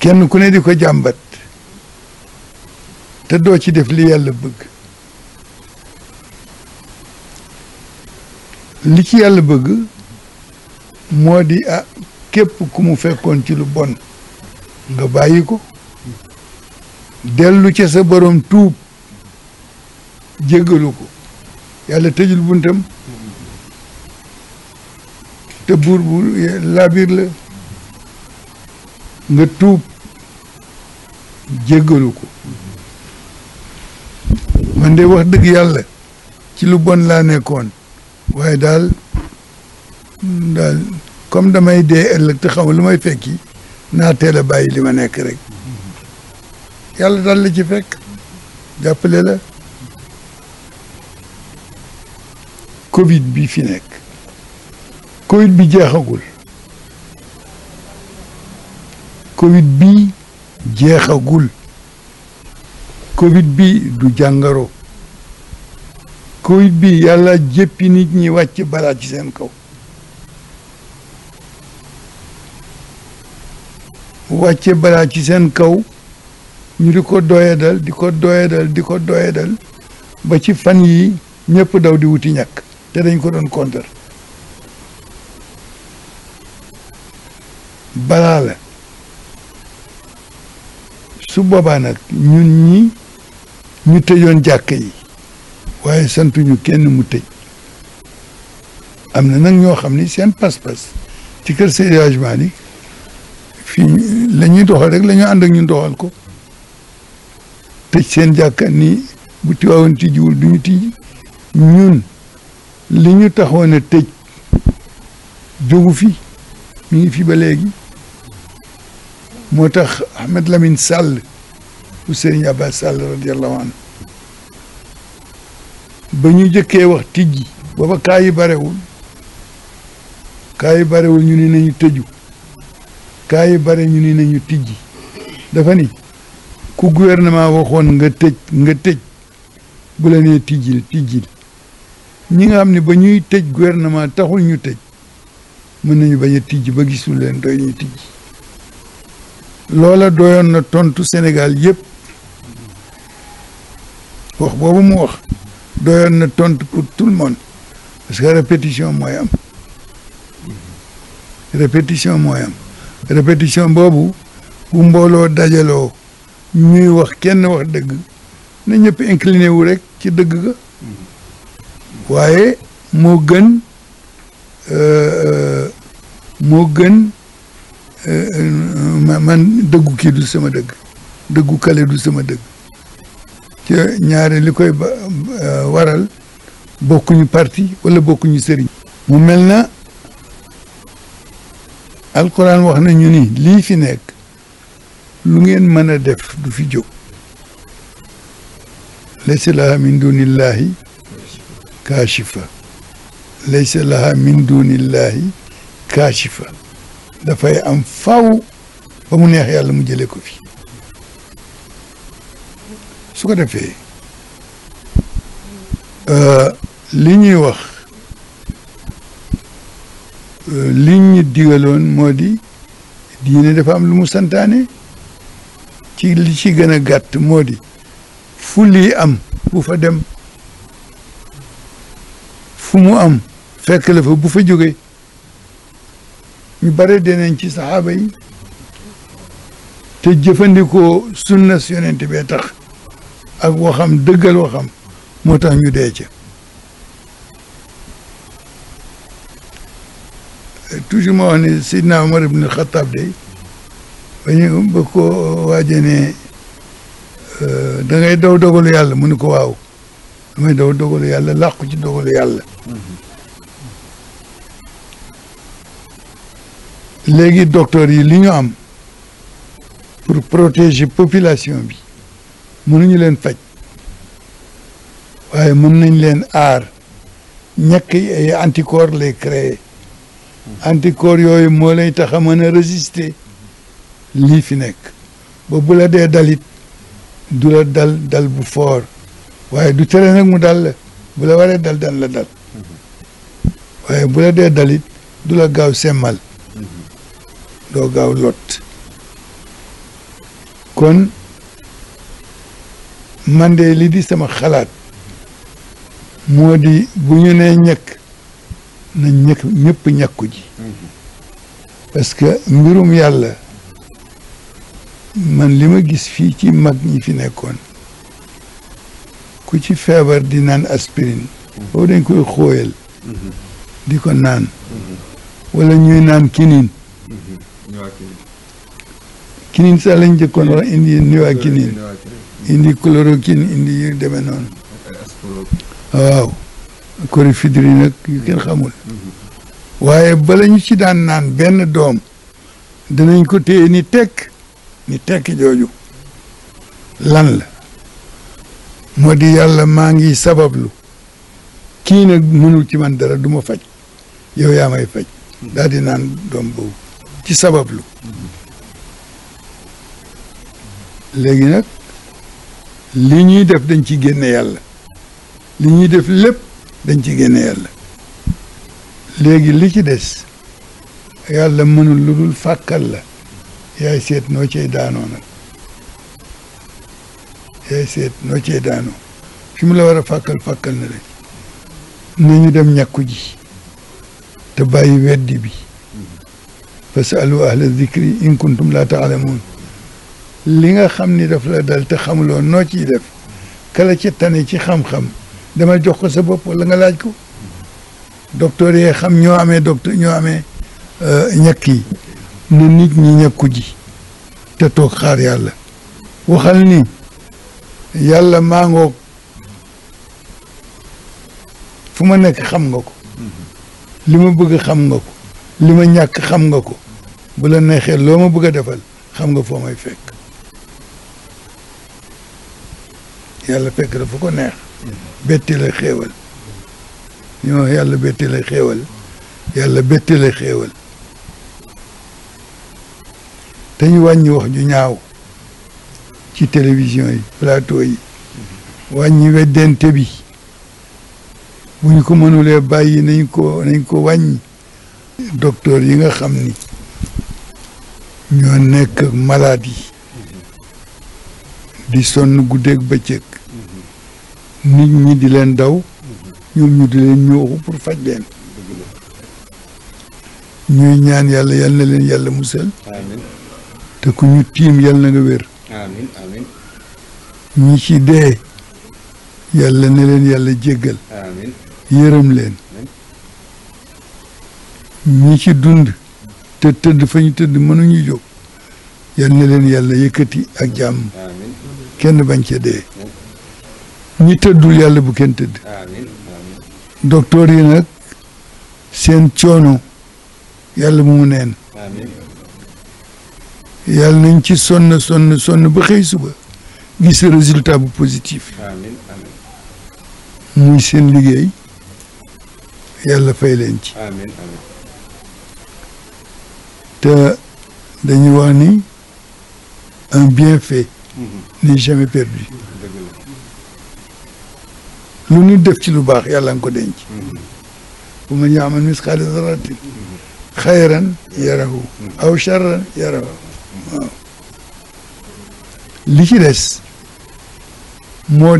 kenn ku ne di ko jàmbat te doo ci def li yàlla bëgg li ci yàlla bëgg moo di a ah, képp ku mu fekkoon ci lu bon nga bàyyi ko dellu ca sa borom tuub jéggalu ko yàlla tëjul buntam te buur bu laabiir la nga tuub jéggalu ko man de wax dëgg yàlla ci lu bon laa nekkoon waaye daal daal comme damay dee ëllëg te xaw lu may fekki naa teel a bàyyi li ma nekk rek yàlla daal la ci fekk jàppale la covid bi fi nekk covid bi jeexagul Covid bi jeexagul Covid bi du jàngaro Covid bi yàlla jéppi nit ñi wàcc balaa ci seen kaw wàcce balaa ci seen kaw ñu di ko doyadal di ko doyadal di ko doyadal ba ci fan yi ñëpp daw di wuti ñakk te dañ ko doon kontar balaa la su boobaa nag ñun ñi ñu tëjoon jàkk yi waaye santuñu kenn mu tëj am na nag ñoo xam ni seen pas-pas ci kër Seydi Hadji Malick fii la ñuy doxal rek la ñu ànd ak ñun ko tëj seen jàkka ni bu tiwaawoon tijjiwul du ñu tijji ñun li ñu taxoon a tëj jógu fi mi ngi fi ba léegi moo tax Ahmed Lamine Sall bu Serigne Abba Sall radiallahu anhu ba ñu jëkkee wax tijji booba kaa yi barewul kaa yi barewul ñu ni nañu tëju kaa yi bare ñu ni nañu tijji dafa ni ku gouvernement waxoon nga tëj nga tëj bu la nee tijjil tijjil ñi nga xam ni ba ñuy tëj gouvernement taxul ñu tëj mën nañu bañ a tijji ba gisul leen doy ñu tijji loola doyoon na tontu Sénégal yëpp wax boobu mu wax doyoon na tontu pour tout le monde parce que répétition mooy am répétition mooy am répétition boobu bu mbooloo dajaloo ñuy wax kenn wax dëgg na ñëpp incliné wu rek ci dëgg ga waaye moo gën euh, euh, moo gën man dëggu kii du sama dëgg dëggu kale du sama dëgg ci ñaare li koy euh, waral bokkuñu parti wala bokkuñu sëriñ mu mel na alquran wax na ñu ni lii fi nekk lu ngeen mën a def du fi jóg laysa laha min dunillahi kaashifa laysa laha min dunillahi kaashifa dafay am faw ba mu neex yàlla mu jëlee ko fi su ko defee euh, li ñuy wax euh, li ñu digaloon moo di diine dafa am lu mu santaane ci li ci gën a gàtt moo di fu lii am bu fa dem fu mu am fekk la fa bu fa jógee ñu bare deenañ ci saxaaba yi te jëfandikoo sunna si yonent ak waxam dëggal waxam moo tax ñu dee ca toujours ma wax ni Seydina Omar ibn Khattab day ba ñu ba ko waaje ne euh, da ngay daw dogalu yàlla mu ni ko waaw damay daw dogalu yàlla làqu ci dogalu yàlla mm-hmm. léegi docteur yi li ñu am pour protéger population bi mënuñu leen faj waaye mën nañ leen aar ñekk yi ay anticorps antikoor yooyu moo lay tax a mën a résister lii fi nekk ba bu la dee dalit du la dal dal bu fort waaye du tere nag mu dal la bu la waree dal dan la dal mhm. waaye bu la dee dalit du la gaaw semmal doo gaaw lot kon man de li di sama xalaat moo di bu ñu nee ñekk na ñëkk ñëpp ñàkku parce que mbirum yàlla man li ma gis fii ci mag ñi fi nekkoon ku ci feebar di naan aspirine boobu dañ koy xóoyal di ko naan wala ñuy naan kinin kinin sax lañ jëkkoon indi niwaakinin indi chloroquine indi yu deme noonu waaw Corifidri nag yu kenn xamul mm-hmm. waaye bala ci daan naan benn doom danañ ko téye ni tekk ni tekk jooju lan la moo di yàlla maa ngi sabablu kii nag mënul ci man dara duma faj yow yaa may faj mm-hmm. daal di naan doom boobu ci sabab sabablu léegi nag li ñuy def dañ ci génne yàlla li ñuy def lépp dañ ci génne yàlla léegi li ci des yàlla mënul lu dul fàkkal la yaay seet noo cey daanoo nag yaay seet noo cey daanoo fi mu la war a fàkkal fàkkal na rek nañu dem ñàkku ji te bàyyi weddi bi fasalu ahla zikri in kuntum laa taalamuun li nga xam ni daf la dal te xamuloo noo ciy def kala ci tane ci xam-xam dama jox ko sa bopp wala nga laaj ko docteur yee xam ñoo amee docteur ñoo ame euh, ñàkk yi nu nit ñi ñàkku ji te toog xaar yàlla waxal ni yàlla maa ngoog fu ma nekk xam nga ko mm-hmm. li ma bëgg xam nga ko li ma ñàkk xam nga ko bu la neexee loo ma bëgg a defal xam nga foo may fekk yàlla fekk la fu ko neex betti la xéewal ñoo yàlla betti la xéewal yàlla betti la xéewal te ñu wàññi wax ju ñaaw ci télévision yi plateau yi wàññi weddente bi bu ñu ko mënulee bàyyi nañ ko nañ ko wàññi docteur yi nga xam ni ñoo nekk ak yi di sonn guddeeg bëccëg nit ñi di leen daw ñoom ñu di leen ñooxu pour faj leen ñuy ñaan yàlla yal na leen yàlla musal te ku ñu tiim yal na nga wér ñi ci dee yàlla na leen yàlla jéggal yërëm leen ñi ci dund te tëdd fa ñu tëdd mënuñu jóg yal na leen yàlla yëkkati ak jàmm kenn bañ cee dee ñi tëddul yàlla bu kenn tëdd docteur yi nag seen coono yàlla mu mu neen yàlla nañ ci sonn sonn sonn ba xëy suba gis résultat bu positif muy seen liggéey yàlla fay leen ci te dañuy wax ni un bienfait mhm. n'est jamais perdu lu ñu def ci lu baax yàlla ko denc mhm. bu ma ñaamal misqaala zarratin mhm. xayran yarahu aw charran yarahu li ci des moo